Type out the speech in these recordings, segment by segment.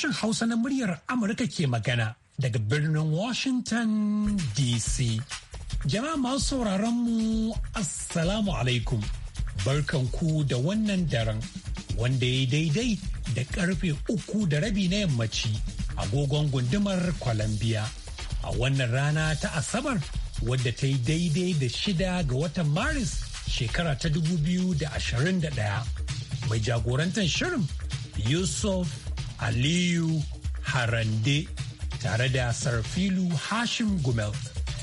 sashen Hausa na muryar Amurka ke magana daga birnin Washington DC. Jama'a masu sauraron mu Assalamu alaikum. Barkan ku da wannan daren wanda ya daidai da karfe uku da rabi na yammaci agogon gundumar Columbia. A wannan rana ta Asabar wadda ta yi daidai da shida ga watan Maris shekara ta 2021. Mai jagorantar shirin Yusuf Aliyu Harande tare da Sarfilu Hashim Gumel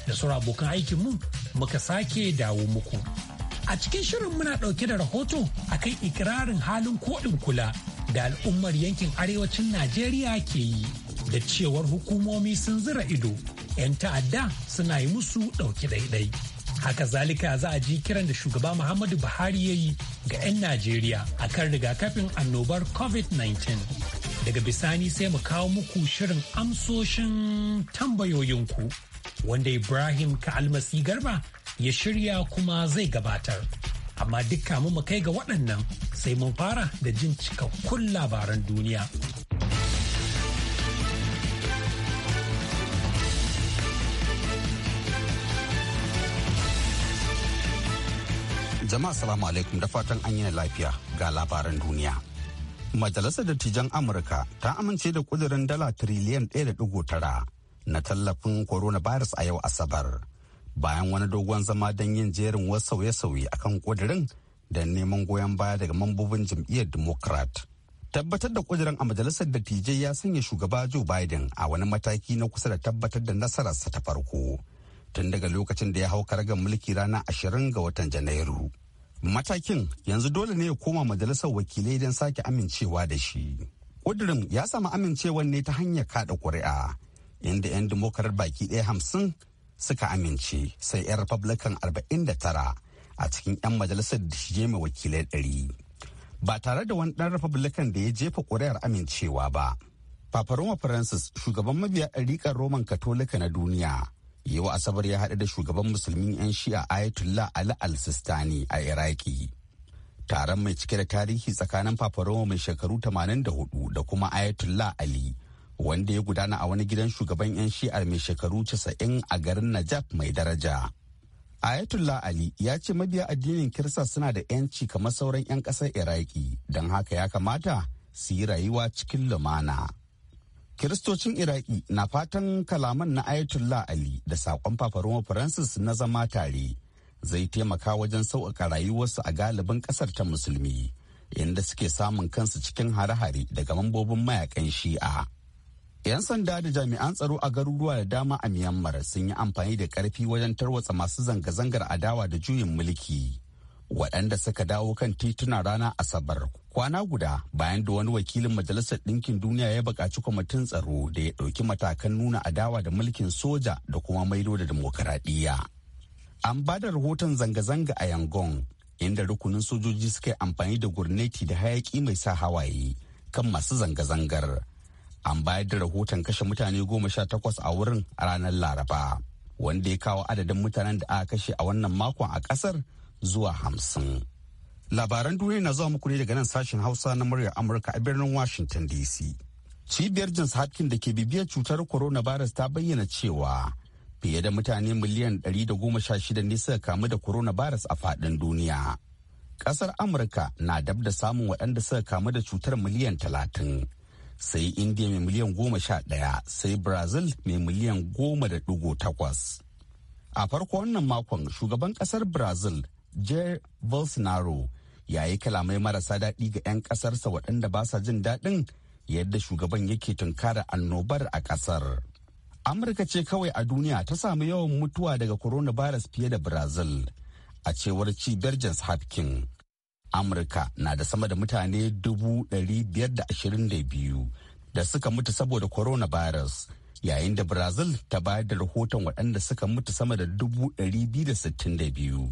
da sauran abokan mu muka sake dawo muku. A cikin shirin muna ɗauke da rahoto kan ikirarin halin koɗin kula da al'ummar yankin arewacin Najeriya ke yi da cewar hukumomi sun zira ido 'yan ta'adda suna yi musu ɗauki ɗaiɗai. Haka zalika za a ji kiran da shugaba Muhammadu Buhari ya yi ga 'yan Najeriya a kan rigakafin annobar COVID-19. Daga bisani sai mu kawo muku shirin amsoshin tambayoyinku wanda Ibrahim ka Almasi Garba ya shirya kuma zai gabatar. Amma dukka mu kai ga waɗannan sai mun fara da jin cikakkun labaran duniya. Jama'a salamu alaikum da fatan an yi lafiya ga labaran duniya. Majalisar Dattijan Amurka ta amince da kudirin dala tiriliyan 1.9 na tallafin coronavirus a yau Asabar. Bayan wani dogon zama don yin jerin wasu sauye-sauye akan kudirin da neman goyon baya daga mambobin jam'iyyar Democrat. Tabbatar da kudirin a Majalisar Dattijai ya sanya shugaba Joe Biden a wani mataki na kusa da tabbatar da nasararsa ta farko. Tun daga lokacin da ya hau karagar mulki ranar 20 ga watan Janairu. matakin yanzu dole ne ya koma majalisar wakilai don sake amincewa da shi ƙudurin ya samu amincewar ne ta hanyar kada ƙuri'a inda 'yan demokarar baki ɗaya hamsin suka amince sai 'yan republican 49 a cikin 'yan majalisar da shi mai wakilai ɗari ba tare da wani ɗan republican da ya jefa ƙuri'ar amincewa ba Roma francis shugaban mabiya ɗariƙar roman katolika na duniya yau asabar ya haɗu da shugaban musulmin 'yan shi'a ayatollah ali al-sistani a iraki taron mai cike da tarihi tsakanin paparoma mai shekaru 84 da kuma ayatollah ali wanda ya gudana a wani gidan shugaban 'yan shi'ar mai shekaru 90 a garin najaf mai daraja ayatollah ali ya ce mabiya addinin kirsa suna da 'yanci kamar sauran 'yan ƙasar iraki don haka ya kamata su yi rayuwa cikin lumana. kiristocin iraki na fatan kalaman na ayatollah ali da saƙon fafaroma francis na zama tare zai taimaka wajen sauƙaƙa rayuwarsu a galibin ƙasar ta musulmi inda suke samun kansu cikin hare-hare daga mambobin mayakan shi'a 'yan sanda da jami'an tsaro a garuruwa da dama a myanmar sun yi amfani da ƙarfi wajen tarwatsa masu zanga-zangar adawa da juyin mulki waɗanda suka dawo kan tituna rana asabar kwana guda bayan da wani wakilin majalisar ɗinkin duniya ya buƙaci kwamitin tsaro da ya ɗauki matakan nuna adawa da mulkin soja da kuma maido da demokaradiyya. an ba da rahoton zanga-zanga a yangon inda rukunin sojoji suka yi amfani da gurneti da hayaƙi mai sa hawaye kan masu zanga-zangar an bayar da rahoton kashe mutane goma sha takwas a wurin ranar laraba wanda ya kawo adadin mutanen da aka kashe a wannan makon a ƙasar zuwa hamsin. Labaran duniya na zuwa muku ne daga nan sashen Hausa na muryar Amurka a birnin Washington DC. Cibiyar Johns Hopkins da ke bibiyar cutar corona coronavirus ta bayyana cewa fiye da mutane miliyan 116 ne suka kamu da corona coronavirus a faɗin duniya. Ƙasar Amurka na dab da samun waɗanda suka kamu da cutar miliyan 30. sai india mai miliyan goma sha ɗaya sai brazil mai miliyan goma da ɗigo takwas a farko wannan makon shugaban kasar brazil jair bolsonaro ya yi kalamai marasa daɗi ga 'yan ƙasarsa waɗanda ba sa jin daɗin yadda shugaban yake tunkara annobar a ƙasar. amurka ce kawai a duniya ta samu yawan mutuwa daga coronavirus fiye da brazil a cewar cibiyar johns hopkins amurka na da sama da mutane 522 da suka mutu saboda coronavirus yayin da brazil ta bayar da rahoton waɗanda suka mutu sama da 262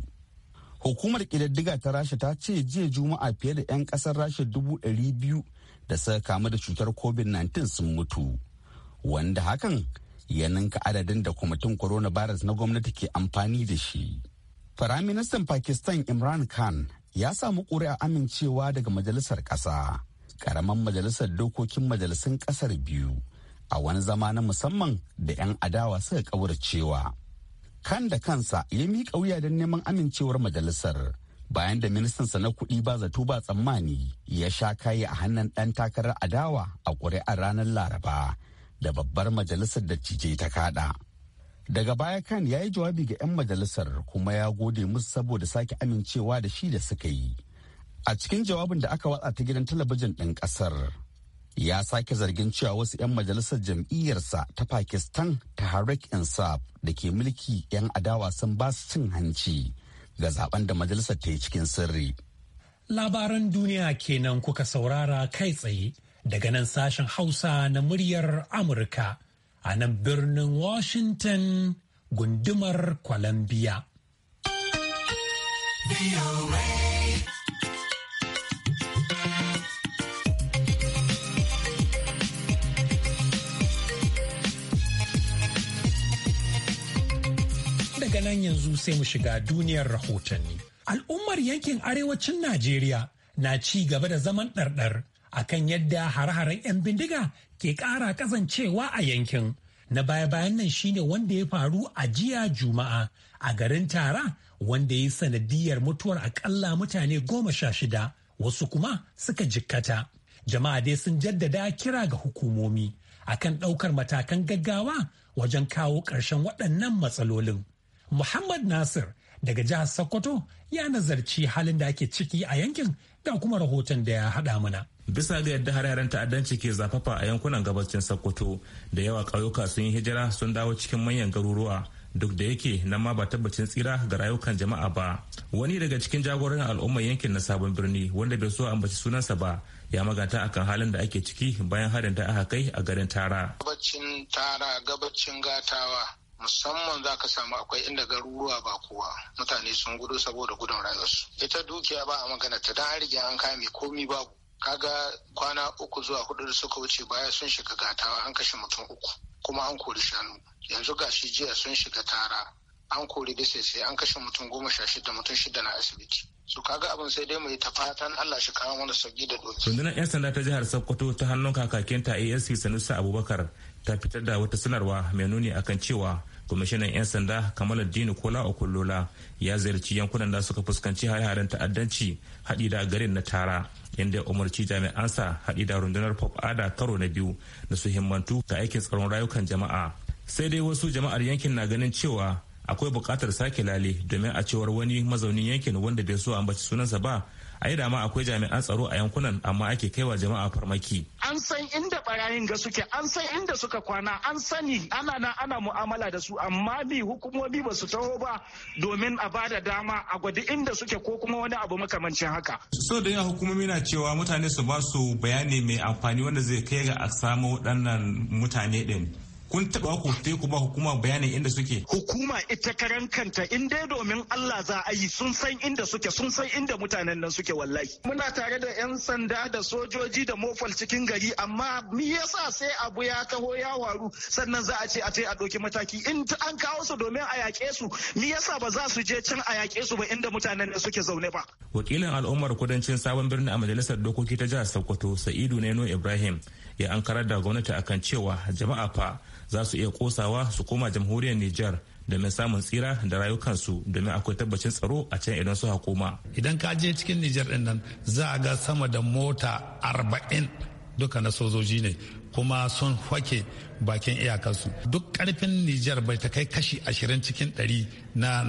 Hukumar kididdiga ta Rasha ta ce jiya Juma'a fiye da 'yan kasar Rasha dubu ɗari biyu da suka kamu da cutar COVID-19 sun mutu. Wanda hakan ya ninka adadin da kwamitin coronavirus na gwamnati ke amfani da shi. Firaministan Pakistan Imran Khan ya samu ƙuri'a amincewa daga majalisar ƙasa. Ƙaramin majalisar dokokin majalisun ƙasar biyu. a wani zama na musamman da 'yan adawa suka kauracewa. cewa. kan da kansa ya miƙa wuya don neman amincewar majalisar bayan da ministansa na kuɗi ba zato ba tsammani ya sha kayi a hannun ɗan takarar adawa a ƙuri'ar ranar laraba da babbar majalisar da cije ta kaɗa. Daga baya kan ya yi jawabi ga 'yan majalisar kuma ya gode musu saboda sake amincewa da shi da suka yi. A cikin jawabin da aka watsa ta gidan talabijin ɗin ƙasar, ya sake zargin cewa wasu 'yan majalisar jam'iyyarsa ta pakistan ta harik insaf da ke mulki 'yan adawa sun ba su cin hanci ga zaben da majalisar ta yi cikin sirri labaran duniya kenan kuka saurara kai tsaye daga nan sashen hausa na muryar amurka a nan birnin washington gundumar columbia. daga nan yanzu sai mu shiga duniyar rahotanni. Al'ummar yankin arewacin Najeriya na ci gaba da zaman ɗarɗar kan yadda hare-haren 'yan bindiga ke ƙara kasancewa a yankin. Na baya-bayan nan shine wanda ya faru a jiya Juma'a a garin Tara wanda ya sanadiyar mutuwar akalla mutane goma sha shida wasu kuma suka jikkata. Jama'a dai sun jaddada kira ga hukumomi akan ɗaukar matakan gaggawa wajen kawo ƙarshen waɗannan matsalolin. Muhammad Nasir daga jihar Sokoto ya nazarci halin da ake ciki a yankin da kuma rahoton da ya haɗa mana. bisa ga yadda har yaran ta'addanci ke zafafa a yankunan gabacin sokoto da yawa ƙauyuka sun yi hijira sun dawo cikin manyan garuruwa duk da yake nan ma ba tabbacin tsira ga rayukan jama'a ba wani daga cikin jagoran al'ummar yankin na sabon birni wanda bai so a ambaci sunansa ba ya maganta akan halin da ake ciki bayan harin da aka kai a garin tara gabacin tara gabacin gatawa musamman za ka samu akwai inda garuruwa ba kowa mutane sun gudu saboda gudun rayuwarsu ita dukiya ba a magana ta dan riga an kame komi babu kaga kwana uku zuwa hudu da suka wuce baya sun shiga gatawa an kashe mutum uku kuma an kori shanu yanzu gashi jiya sun shiga tara an kori da sai an kashe mutum goma sha shida mutum shida na asibiti su kaga abin sai dai mai ta fatan Allah shi kawo mana sauki da doki. Rundunar 'yan sanda ta jihar Sokoto ta hannun kakakin ta ASC Sanusi Abubakar ta fitar da wata sanarwa mai nuni akan cewa kwamishinan 'yan sanda dini Kola Okullola ya ziyarci yankunan da suka fuskanci hare-haren ta'addanci haɗi da garin na Tara. inda umarci jami'ansa haɗi da rundunar pop ada karo na biyu da su himmantu ga aikin tsaron rayukan jama'a sai dai wasu jama'ar yankin na ganin cewa akwai bukatar sake lale domin a cewar wani mazaunin yankin wanda bai so ambaci sunansa ba a yi dama akwai jami'an tsaro a yankunan amma ake kaiwa jama'a farmaki. An san inda barayin ga suke, an san inda suka kwana, an sani ana na ana mu'amala da su amma bi hukumomi ba su taho ba domin a ba da dama a gwada inda suke ko kuma wani abu makamancin haka. So da yawa hukumomi na cewa mutane su ba su bayani mai amfani wanda zai kai ga a samu waɗannan mutane ɗin. kun taba ku ku ba hukuma bayanin inda suke hukuma ita karan kanta in dai domin Allah za a yi sun san inda suke sun san inda mutanen nan suke wallahi muna tare da yan sanda da sojoji da mofal cikin gari amma me yasa sai abu ya taho ya waru sannan za a ce a ce a doki mataki in an kawo su domin a yaƙe su me yasa ba za su je can a yaƙe su ba inda mutanen nan suke zaune ba wakilin al'ummar kudancin sabon birni a majalisar dokoki ta jihar Sokoto Sa'idu Neno Ibrahim ya ankarar da gwamnati akan cewa jama'a fa za su iya kosawa su koma jamhuriyar Nijar domin samun tsira da rayukansu domin akwai tabbacin tsaro a can idan su hakoma. Idan ka je cikin Nijar ɗin nan za a ga sama da mota arba'in duka na sojoji ne kuma sun hwake bakin iyakansu duk karfin Nijar bai ta kai kashi ashirin cikin ɗari na,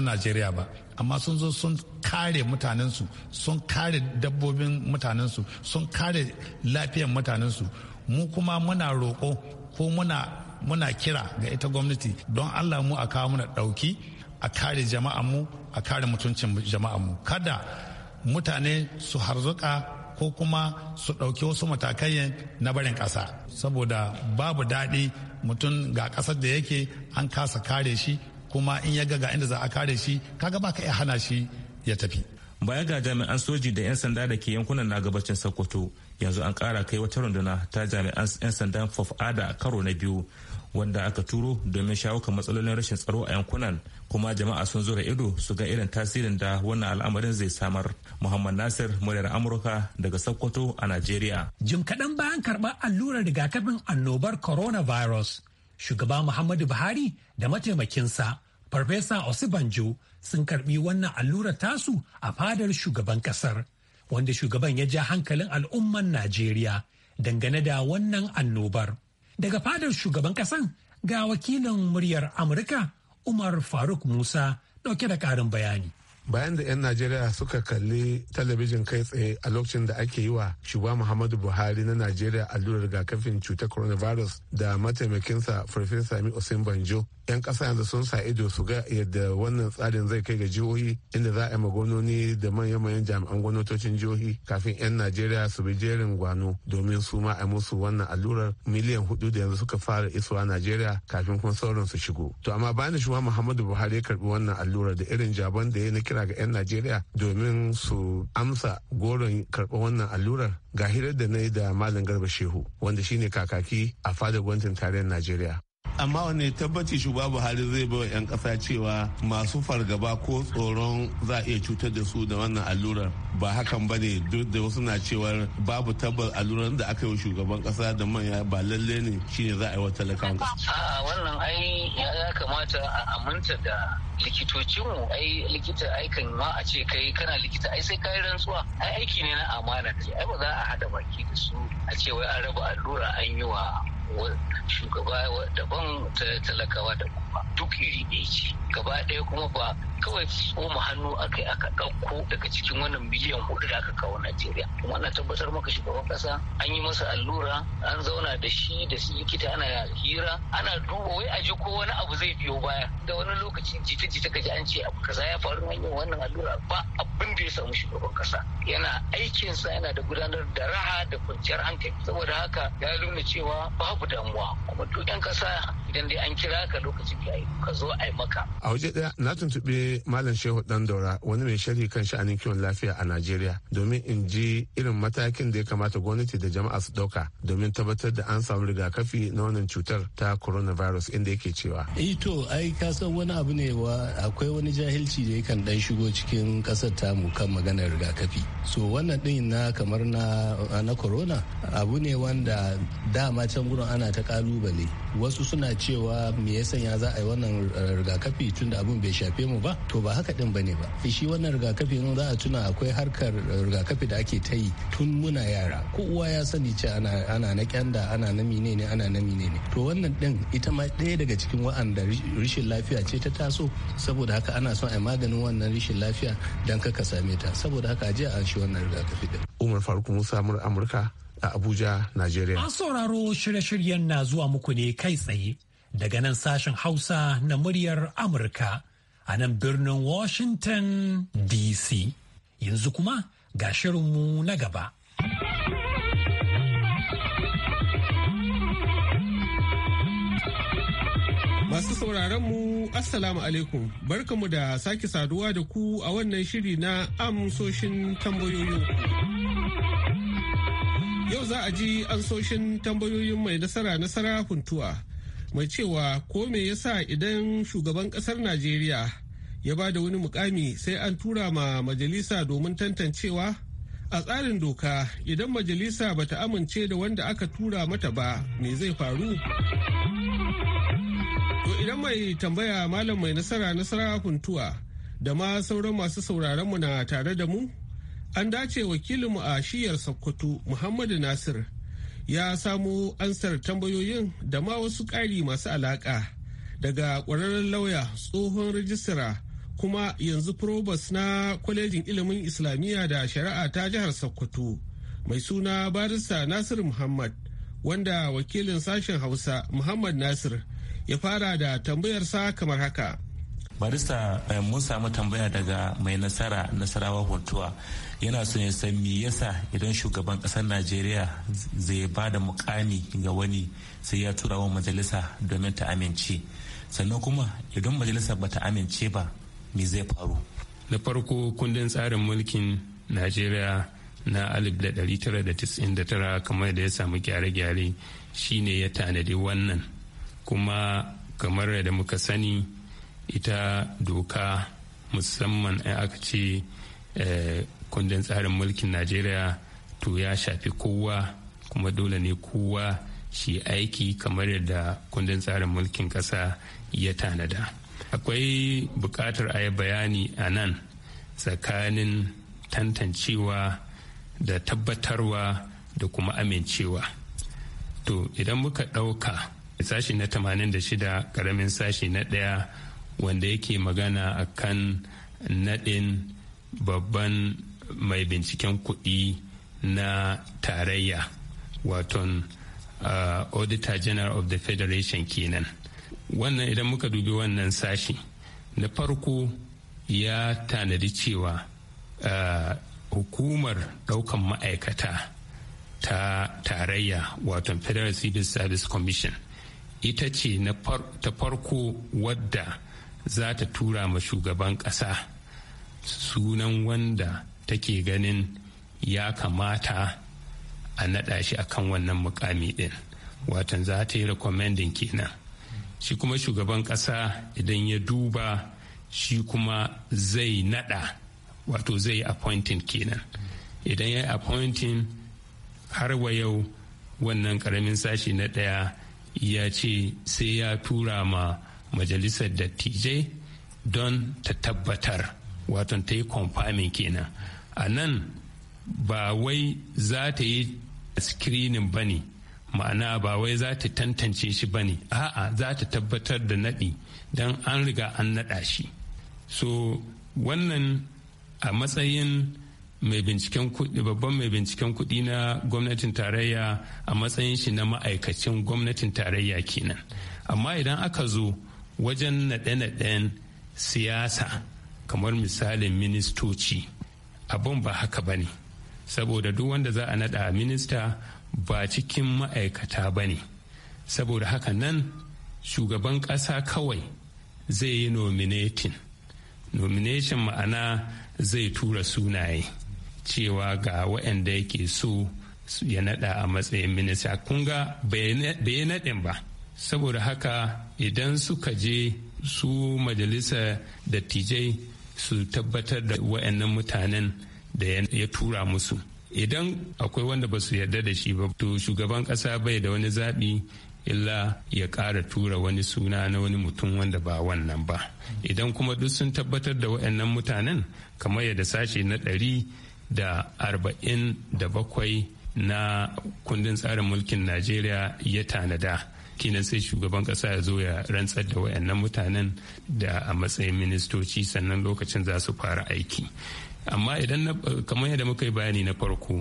Najeriya ba amma sun zo sun kare mutanensu sun kare dabbobin mutanensu sun kare lafiyar mutanensu mu kuma muna roƙo ko muna muna kira ga ita gwamnati don allah mu a kawo muna ɗauki a kare jama'anmu a kare mutuncin jama'anmu kada mutane su harzuka ko kuma su ɗauki wasu matakai na barin ƙasa saboda babu daɗi mutum ga ƙasar da yake an kasa kare shi kuma in ya ga inda za a kare shi kaga ba ka iya hana shi ya tafi baya ga jami'an soji da 'yan sanda da ke yankunan na gabacin sokoto yanzu an kara kai wata runduna ta jami'an 'yan sandan fafada karo na biyu wanda aka turo domin shawo kan matsalolin rashin tsaro a yankunan kuma jama'a sun zura ido su ga irin tasirin da wannan al'amarin zai samar muhammad nasir muryar amurka daga sokoto a najeriya jim kaɗan bayan karɓar allurar rigakafin annobar coronavirus shugaba muhammadu buhari da mataimakinsa farfesa osibanjo sun karɓi wannan allurar tasu a fadar shugaban ƙasar wanda shugaban ya ja hankalin al'umman Najeriya dangane da wannan annobar. Daga fadar shugaban kasan ga wakilin muryar Amurka Umar Faruk Musa dauke da karin bayani. bayan da 'yan najeriya suka kalli talabijin kai tsaye a lokacin da ake yi wa shugaba muhammadu buhari na najeriya allurar rigakafin cutar coronavirus da mataimakinsa farfesa mi osin banjo 'yan ƙasa yanzu sun sa ido su ga yadda wannan tsarin zai kai ga jihohi inda za a yi magononi da manya-manyan jami'an gwamnatocin jihohi kafin 'yan najeriya su bi jerin gwano domin su ma a musu wannan allurar miliyan hudu da yanzu suka fara isuwa najeriya kafin kuma sauran su shigo to amma bayan shi muhammadu buhari ya karbi wannan allurar da irin jaban da ya na kira ga 'yan najeriya domin su amsa goron karɓar wannan allurar ga hirar da na yi da malam garba shehu wanda shine kakaki a fadar gwamnatin tarayyar najeriya amma wani tabbaci shugaba buhari zai bai wa 'yan kasa cewa masu fargaba ko tsoron za a iya cutar da su da wannan allurar ba hakan ba ne duk da wasu na cewar babu tabbar allurar da aka yi shugaban kasa da manya ba lalle ne shine za a yi wa talakawan wannan ai ya kamata a aminta da likitocinmu ai likita ai kan ma a ce kai kana likita ai sai kayi rantsuwa ai aiki ne na amana ai ba za a hada baki da su a ce wai an raba allura an yi wa shugaba daban ta talakawa da kuma duk iri ɗaya ce gaba ɗaya kuma ba kawai tsoma hannu aka aka ɗauko daga cikin wannan miliyan hudu da aka kawo Najeriya kuma ana tabbatar maka shugaban ƙasa an yi masa allura an zauna da shi da likita ana hira ana duba wai a ji ko wani abu zai biyo baya da wani lokaci jita-jita ji an ce abu kaza ya faru an yi wannan allura ba abin da ya samu shugaban ƙasa yana aikinsa yana da gudanar da raha da kwanciyar hankali saboda haka ya nuna cewa babu babu damuwa kuma duk yan kasa idan dai an kira ka lokacin da ka zo a yi maka. A waje ɗaya na tuntuɓi Malam Shehu Ɗandaura wani mai sharhi kan sha'anin kiwon lafiya a Najeriya domin in ji irin matakin da ya kamata gwamnati da jama'a su ɗauka domin tabbatar da an samu rigakafi na wannan cutar ta coronavirus inda yake cewa. Eh to ai ka san wani abu ne wa akwai wani jahilci da yakan dan shigo cikin ƙasar tamu kan maganar rigakafi. So wannan ɗin na kamar na na corona abu ne wanda dama can ana ta kalubale wasu suna cewa me ya sanya za a yi wannan eh, rigakafi tun da abin bai shafe mu ba to ba haka din bane ba shi wannan rigakafi in za a tuna akwai harkar eh, rigakafi da ake ta yi tun muna yara ko uwa ya sani ce ana na kyanda ana na mine ne ana na mine ne to wannan din ita ma ɗaya daga cikin wa'anda rashin lafiya ce ta taso saboda haka ana son a yi maganin wannan rashin lafiya don kaka same ta saboda haka a jiya a shi wannan rigakafi din umar faruk musa amurka a Abuja, Najeriya. An sauraro shirye-shiryen na zuwa muku ne kai tsaye daga nan sashen Hausa na muryar Amurka a nan birnin Washington DC. Yanzu kuma ga shirinmu na gaba. Masu sauraron mu Assalamu alaikum barkamu da sake saduwa da ku a wannan shiri na amsoshin tambayoyin. Yau za a ji ansoshin tambayoyin mai nasara nasara huntuwa mai cewa ko me yasa idan shugaban kasar Najeriya ya ba da wani mukami sai an tura ma majalisa domin tantancewa? A tsarin doka idan majalisa ba ta amince da wanda aka tura mata ba me zai faru? To idan mai tambaya malam mai nasara nasara huntuwa da ma sauran masu sauraronmu na tare da mu? an dace wakilinmu a shiyar sokoto muhammadu nasir ya samo ansar tambayoyin da ma wasu ƙari masu alaƙa daga ƙwararren lauya tsohon rijistara kuma yanzu probus na kwalejin ilimin islamiyya da shari'a ta jihar sokoto mai suna barista nasir muhammad wanda wakilin sashen hausa muhammad nasir ya fara da tambayarsa kamar haka barista eh, mun samu tambaya daga mai nasara nasarawa huntuwa yana son ya san me yasa idan shugaban kasar najeriya zai ba da mukami ga wani sai ya tura wa majalisa domin ta amince sannan kuma idan majalisa ba ta amince ba me zai faru na farko kundin tsarin mulkin najeriya na 1999 kamar da ya samu gyare-gyare shine ya tanadi wannan kuma kamar da muka sani ita doka musamman in aka ce eh, kundin tsarin mulkin najeriya to ya shafi kowa kuma dole ne kowa shi aiki kamar yadda kundin tsarin mulkin ƙasa ya tanada akwai bukatar a yi bayani a nan tsakanin tantancewa da tabbatarwa da kuma amincewa to idan muka ɗauka sashi na 86 karamin sashi na ɗaya wanda yake magana a kan naɗin babban mai binciken kuɗi na tarayya waton uh, auditor general of the federation kenan wannan idan muka dubi wannan sashi na farko ya tanadi cewa uh, hukumar ɗaukan ma'aikata ta tarayya waton federal civil service commission ita ce ta farko wadda za ta tura ma shugaban ƙasa sunan wanda take ganin ya kamata a naɗa shi akan wannan mukami ɗin watan za ta yi recommending kenan shi kuma shugaban ƙasa idan ya duba shi kuma zai naɗa wato zai appointing kenan idan ya appointing har wa yau wannan ƙaramin sashi na ɗaya ya ce sai ya tura ma majalisar dattijai don ta tabbatar waton ta yi kwamfamin kenan a nan ba wai za ta yi screening ba ne ma'ana ba wai za ta tantance shi ba ne a'a za ta tabbatar da naɗi don an riga an naɗa shi so wannan a matsayin mai binciken kuɗi babban mai binciken kuɗi na gwamnatin tarayya a matsayin shi na ma'aikacin gwamnatin tarayya kenan amma idan aka zo wajen naɗe-naɗen siyasa kamar misalin ministoci abin ba haka ba ne saboda duk wanda za a naɗa minista ba cikin ma'aikata ba ne saboda haka nan shugaban ƙasa kawai zai yi nominatin nomination ma'ana zai tura sunaye cewa ga waɗanda yake so ya naɗa a matsayin minista kunga bai naɗin ba saboda haka idan suka je su majalisa dattijai su tabbatar da wa'annan mutanen da ya tura musu idan akwai wanda ba su yarda da shi ba to shugaban kasa bai da wani zaɓi illa ya ƙara tura wani suna na wani mutum wanda ba wannan ba idan kuma duk sun tabbatar da wa'annan mutanen kamar yadda sashe na ɗari da arba'in da bakwai na kundin tsarin mulkin najeriya ya tanada kinan sai shugaban kasa ya zo ya rantsar da wayannan mutanen da a matsayin ministoci sannan lokacin za su fara aiki amma idan kamar yadda muka yi bayani na farko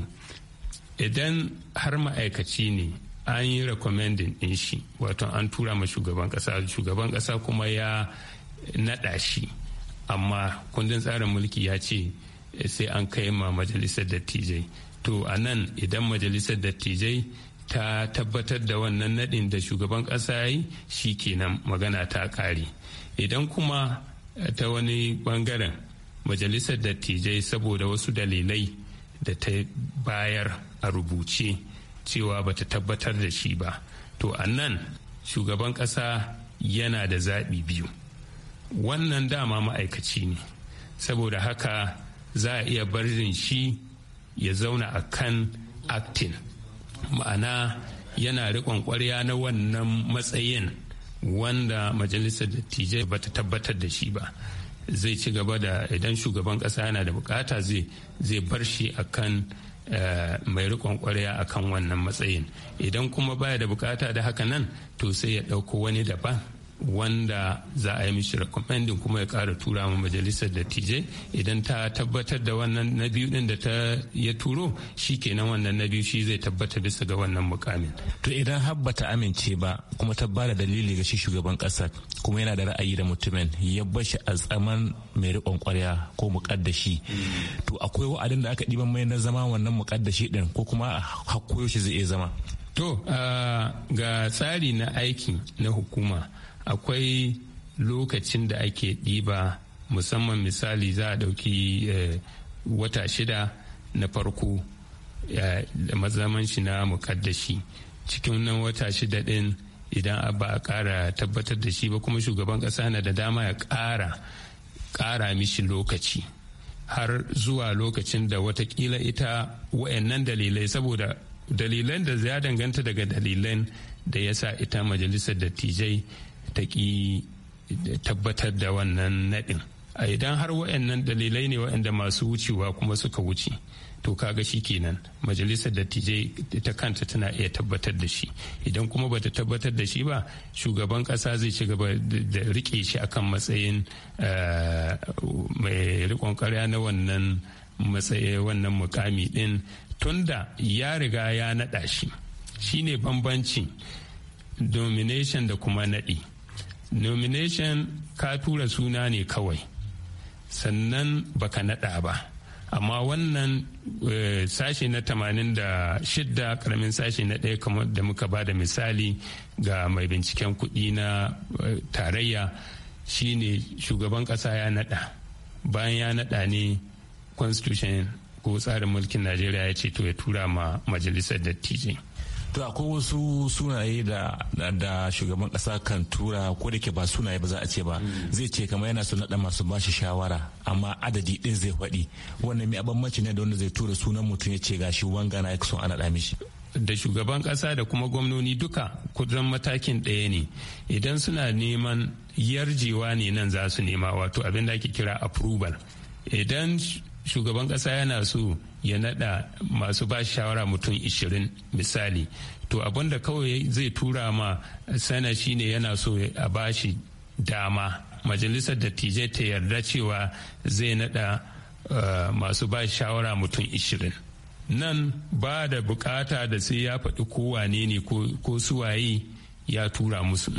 idan har ma'aikaci ne an yi recommending din shi wato an tura ma shugaban kasa shugaban kasa kuma ya naɗa shi amma kundin tsarin mulki ya ce sai an kai ma majalisar dattijai to a nan idan majalisar dattijai ta tabbatar da wannan nadin da shugaban kasa ya yi shi kenan magana ta kare idan kuma ta wani bangaren majalisar dattijai saboda wasu dalilai da ta bayar a rubuce cewa ba ta tabbatar da shi ba to a nan shugaban kasa yana da zaɓi biyu wannan dama ma'aikaci ne saboda haka za a iya barin shi ya zauna a kan acting ma'ana yana riƙon ƙwarya na wannan matsayin wanda majalisar dattijai ba ta tabbatar da shi ba zai ci gaba da idan shugaban ƙasa yana da bukata zai bar shi akan eh, mai riƙon ƙwarya akan wannan matsayin idan kuma baya da bukata da haka nan to sai ya ɗauko wani daban wanda za a yi mishi recommending kuma ya kara tura ma majalisar dattijai idan ta tabbatar da wannan na biyu din da ta ya turo shi kenan wannan na biyu shi zai tabbata bisa ga wannan mukamin to idan Habba ta amince ba kuma ta ba da dalili ga shi shugaban kasa kuma yana da ra'ayi da mutumin ya bashi a tsaman mai rikon kwarya ko mukaddashi to akwai wa'adin da aka ɗiban mai na zama wannan mukaddashi din ko kuma hakkoyo shi zai iya zama to ah, ga tsari na aiki na hukuma akwai lokacin da ake ɗiba musamman misali za a ɗauki eh, wata shida na farko da eh, mazaman shi na mukaddashi cikin nan wata shida ɗin idan ba a ƙara tabbatar da shi ba kuma shugaban ƙasa na da dama ya ƙara ƙara mishi lokaci har zuwa lokacin da watakila ita wayannan dalilai saboda dalilan da ya danganta daga dalilan da ya sa ita majalisar dattijai ta ƙi tabbatar da wannan naɗin a idan har waannan dalilai ne waɗanda masu wucewa kuma suka wuce to kaga shi kenan majalisar dattijai ta kanta tana iya tabbatar da shi idan kuma bata tabbatar da shi ba shugaban kasa zai ci gaba da rike shi akan matsayin eh, mai rikon karya na wannan matsayi wannan mukami din tunda ya riga ya naɗa shi shine bambancin domination da kuma naɗi. nomination ka tura suna ne kawai sannan baka naɗa ba amma wannan eh, sashe na 86 karamin sashe na ɗaya kamar da muka ba da misali ga mai binciken kuɗi na eh, tarayya shine shugaban ƙasa ya naɗa bayan ya naɗa ne constitution ko tsarin mulkin najeriya ya ce to ya tura ma majalisar dattijai to akwai wasu sunaye da shugaban kasa kan tura ko da ke ba sunaye ba za a ce ba mm. zai ce kamar yana son naɗa masu bashi shawara amma adadi din zai faɗi wannan mai abambanci ne da wanda zai tura sunan mutum ya ce gashi wanga na son ana da mishi da shugaban kasa da kuma gwamnoni duka kudin matakin ɗaya ne idan suna neman yarjewa ne nan za su nema wato abin da ake kira approval idan shugaban kasa yana so ya naɗa masu ba shawara mutum 20 misali to da kawai zai tura ma sana shine yana so a ba shi dama majalisar dattijai ta yarda cewa zai nada eh, masu ba shawara mutum 20 nan ba da bukata da sai ya faɗi kowane ne ko suwaye ya tura musu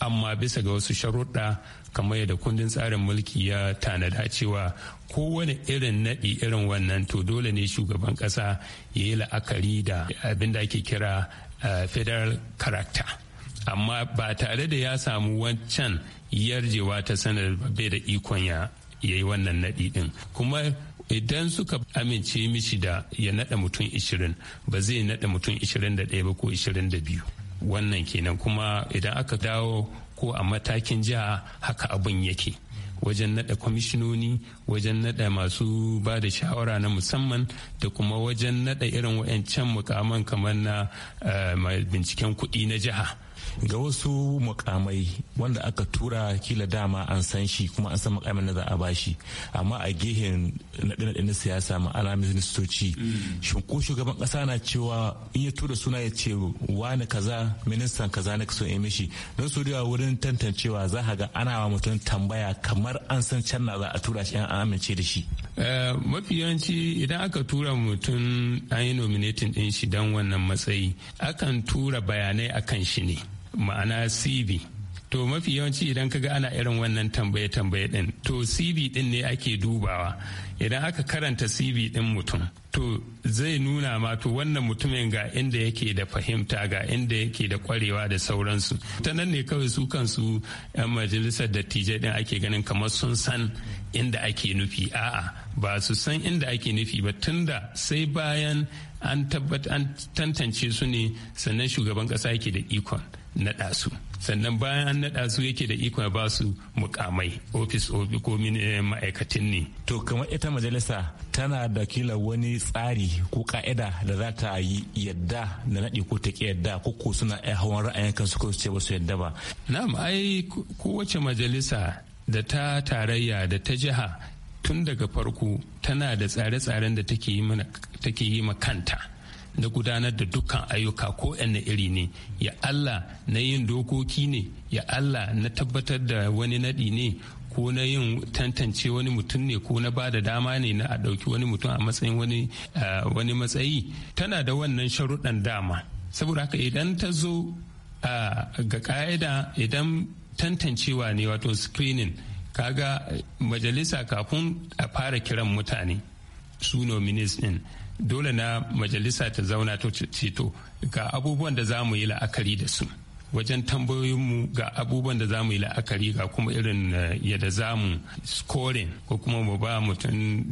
amma bisa ga wasu sharuɗa kamar yadda kundin tsarin mulki ya tanada cewa kowane irin naɗi irin wannan to dole ne shugaban ƙasa ya yi la'akari da abin da ake kira eh, federal character amma ba tare da ya samu wancan yarjewa ta sanar bai da ikon ya yi wannan naɗi ɗin kuma idan suka amince mishi da ya naɗa mutum 20 ba zai naɗa mutum 21 ba ko 22 wannan kenan kuma idan aka dawo ko a matakin jiha haka abin yake wajen nada kwamishinoni wajen nada masu ba da shawara na musamman da kuma wajen nada irin wayancan mukaman kamar na eh, binciken kuɗi na jiha ga wasu mukamai wanda aka tura kila dama an san shi kuma an san mukamin da za a bashi amma a gehen naɗe na siyasa ma'ana ministoci shi ko shugaban ƙasa na cewa in ya tura suna ya ce wani kaza ministan kaza na kaso ya mishi don su da wurin tantancewa za a ga ana wa mutum tambaya kamar an san can na za a tura shi an amince da shi. Eh, mafi yawanci idan aka tura mutum an yi nominating din shi don wannan matsayi akan tura bayanai akan shi ne. ma'ana cv to mafi yawanci idan kaga ana irin wannan tambaye tambaye din to cv din ne ake dubawa idan aka karanta cv din mutum to zai nuna ma to wannan mutumin ga inda yake da fahimta ga inda yake da kwarewa da sauransu ta nan ne kawai su kansu 'yan majalisar dattijai din ake ganin kamar sun san inda ake nufi a'a ba su san inda ake nufi ba tunda sai bayan an tantance su ne sannan shugaban kasa yake da ikon naɗa su sannan bayan an naɗa su yake da ikon ba su mukamai ofis ko eh, ma'aikatin ne. To kamar ita majalisa tana da kila wani tsari ko ka'ida da za ta yi yadda da naɗi ko ta ki yadda ko ko suna hawan ra'ayin kansu ko su ce ba su yadda ba. Na'am ai kowace majalisa da ta tarayya da ta jiha tun daga farko tana da tsare-tsaren da take yi ma kanta. na gudanar da dukkan ayyuka ko iri ne ya Allah na yin dokoki ne ya Allah na tabbatar da wani naɗi ne ko na yin tantance wani mutum ne ko na ba dama ne na a ɗauki wani mutum a matsayin wani matsayi tana da wannan sharuɗan dama saboda haka idan ta zo ga ƙa'ida idan tantancewa ne wato screening kaga majalisa kafin a fara kiran mutane su nominees ɗin dole na majalisa ta zauna ta ceto ga abubuwan da za mu yi la'akari da su wajen tambayoyinmu ga abubuwan da za mu yi la'akari ga kuma irin eh, yadda za mu scoring ko kuma mu ba mutum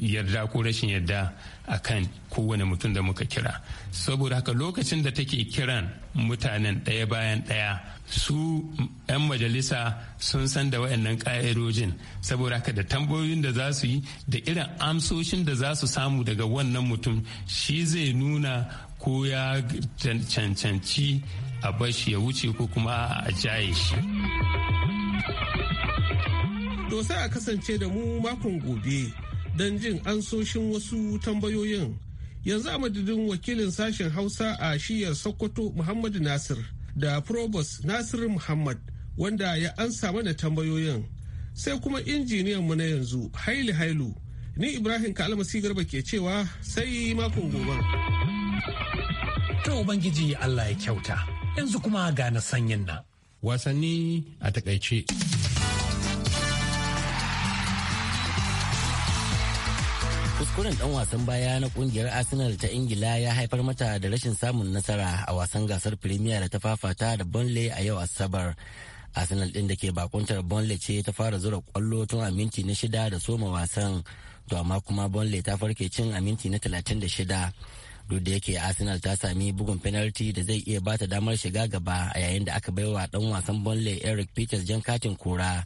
yarda ko rashin yarda a kan kowane mutum da muka kira saboda haka lokacin da take kiran mutanen ɗaya bayan ɗaya su 'yan majalisa sun san da wayannan ƙa'idojin saboda haka da tambayoyin da za su yi da irin amsoshin da za su samu daga wannan mutum shi zai nuna ko ya cancanci a bashi ya wuce ko kuma a jaye shi to sai a kasance da mu makon gobe don jin amsoshin wasu tambayoyin yanzu a madadin wakilin sashen hausa a shiyar sokoto muhammadu nasir da Probos Nasir Muhammad wanda ya ansa mana tambayoyin sai kuma injiniyan mu na yanzu Haili Hailu ni Ibrahim Kalmasi Garba ke cewa sai makon gobe. Ta Ubangiji Allah ya kyauta yanzu kuma ga na sanyin nan. Wasanni a takaice. Kuskuren ɗan wasan baya na ƙungiyar Arsenal ta Ingila ya haifar mata da rashin samun nasara a wasan gasar Premier da ta fafata da Burnley a yau Asabar. Arsenal ɗin da ke bakuntar Burnley ce ta fara zura kwallo tun a minti na shida da soma wasan. To amma kuma Burnley ta farke cin a minti na talatin da shida. Duk da yake Arsenal ta sami bugun penalty da zai iya bata damar shiga gaba a yayin da aka baiwa ɗan wasan Burnley Eric Peters jan katin kura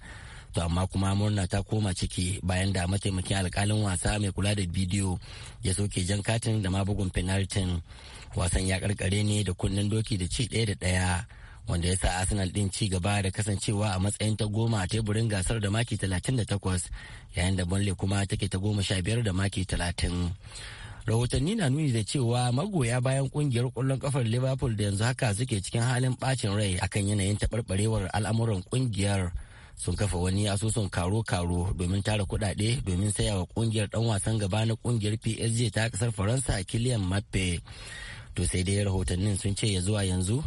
to amma kuma murna ta koma ciki bayan da mataimakin alkalin wasa mai kula da bidiyo ya soke jan katin da ma bugun penaltin wasan ya karkare ne da kunnen doki da ci daya da ɗaya wanda ya sa arsenal din ci gaba da kasancewa a matsayin ta goma a teburin gasar da maki 38 yayin da bonle kuma take ta goma sha biyar da maki 30 rahotanni na nuni da cewa magoya bayan kungiyar ƙwallon kafar liverpool da yanzu haka suke cikin halin bacin rai akan yanayin taɓarɓarewar al'amuran kungiyar sun kafa wani asusun karo-karo domin tara kuɗaɗe domin saya wa kungiyar dan wasan gaba na kungiyar PSG ta kasar Faransa kiliyan mappe To sai dai rahotannin sun ce ya zuwa yanzu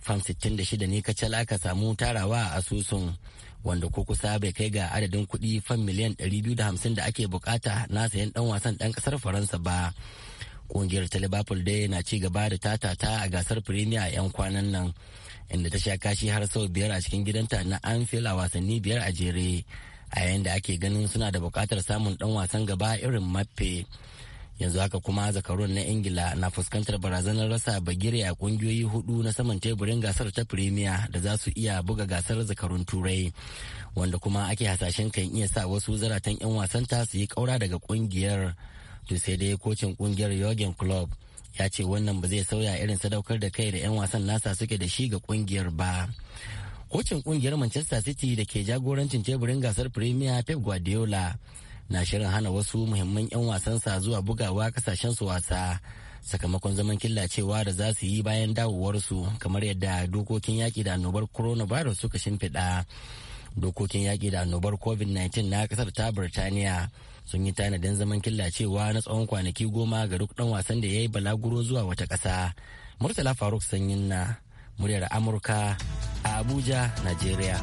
fam 66 ne kacal aka samu tarawa a asusun wanda ko kusa bai kai ga adadin kuɗi fam miliyan 250 da ake bukata na sayan ɗan wasan ɗan kasar Faransa ba. Kungiyar ta Liverpool dai na ci gaba da tatata a gasar Premier 'yan kwanan nan. inda ta sha kashi har sau biyar a cikin gidanta na anfield a wasanni biyar a jere a yayin da ake ganin suna da bukatar samun dan wasan gaba irin mappe yanzu haka kuma zakarun na ingila na fuskantar barazanar rasa bagire a kungiyoyi hudu na saman teburin gasar ta premier da za su iya buga gasar zakarun turai wanda kuma ake hasashen kan iya sa wasu zaratan 'yan wasan ta su yi kaura daga kungiyar to sai dai kocin kungiyar yogin club ya ce wannan ba zai sauya irin sadaukar da kai da 'yan wasan nasa suke da shi ga kungiyar ba kocin kungiyar manchester city da ke jagorancin teburin gasar premier pep guardiola na shirin hana wasu muhimman 'yan wasansa zuwa bugawa kasashen su wasa sakamakon zaman killacewa da za su yi bayan dawowarsu kamar yadda dokokin yaƙi da annobar coronavirus suka shimfiɗa dokokin yaƙi da annobar covid-19 na ƙasar ta birtaniya sun yi tanadin zaman killacewa na tsawon kwanaki goma ga duk dan wasan da ya yi balaguro zuwa wata ƙasa. Murtala Faruk Sanyin na muryar Amurka a Abuja, Najeriya.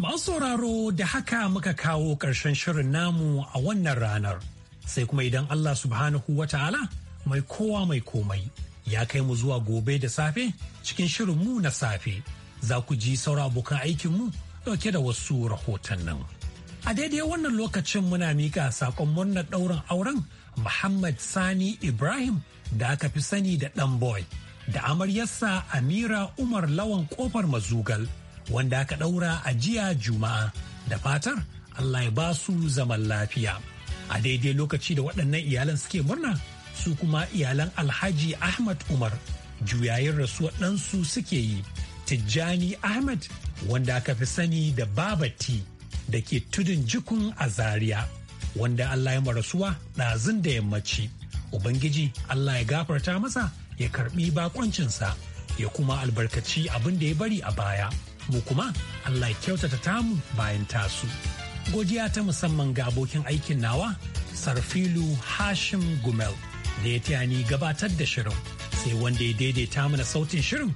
Masu sauraro da haka muka kawo ƙarshen shirin namu a wannan ranar, sai kuma idan Allah subhanahu wa ta'ala mai kowa mai komai ya kai mu zuwa gobe da safe cikin shirin mu na safe za ku ji sauran abokan aikinmu dauke da wasu rahoton nan. A daidai wannan lokacin muna mika saƙon murnar ɗaurin auren Muhammad Sani Ibrahim da aka fi sani da ɗan boy da amaryarsa Amira Umar Lawan Kofar Mazugal wanda aka ɗaura a jiya Juma'a da fatar Allah ya ba su zaman lafiya. A daidai lokaci da waɗannan iyalan suke murna su kuma iyalan alhaji ahmad umar juyayin rasuwar ɗansu suke yi tijjani ahmad wanda aka fi sani da babati da ke tudun jikun a zaria wanda allah ya rasuwa ɗazun da yammaci ubangiji allah ya gafarta masa ya karbi bakoncinsa ya kuma albarkaci abin da ya bari a baya mu kuma allah ya kyautata tamu bayan tasu godiya ta musamman ga abokin aikin nawa sarfilu hashim gumel da ya taya ni gabatar da shirin sai wanda ya daidaita mana sautin shirin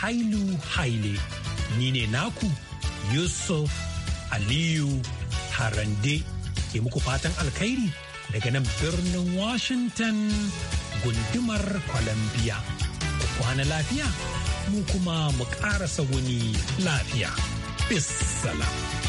hailu haile ni ne naku yusuf aliyu harande ke muku fatan alkhairi daga nan birnin washington gundumar columbia ku kwana lafiya mu kuma mu ƙara wuni lafiya bisala.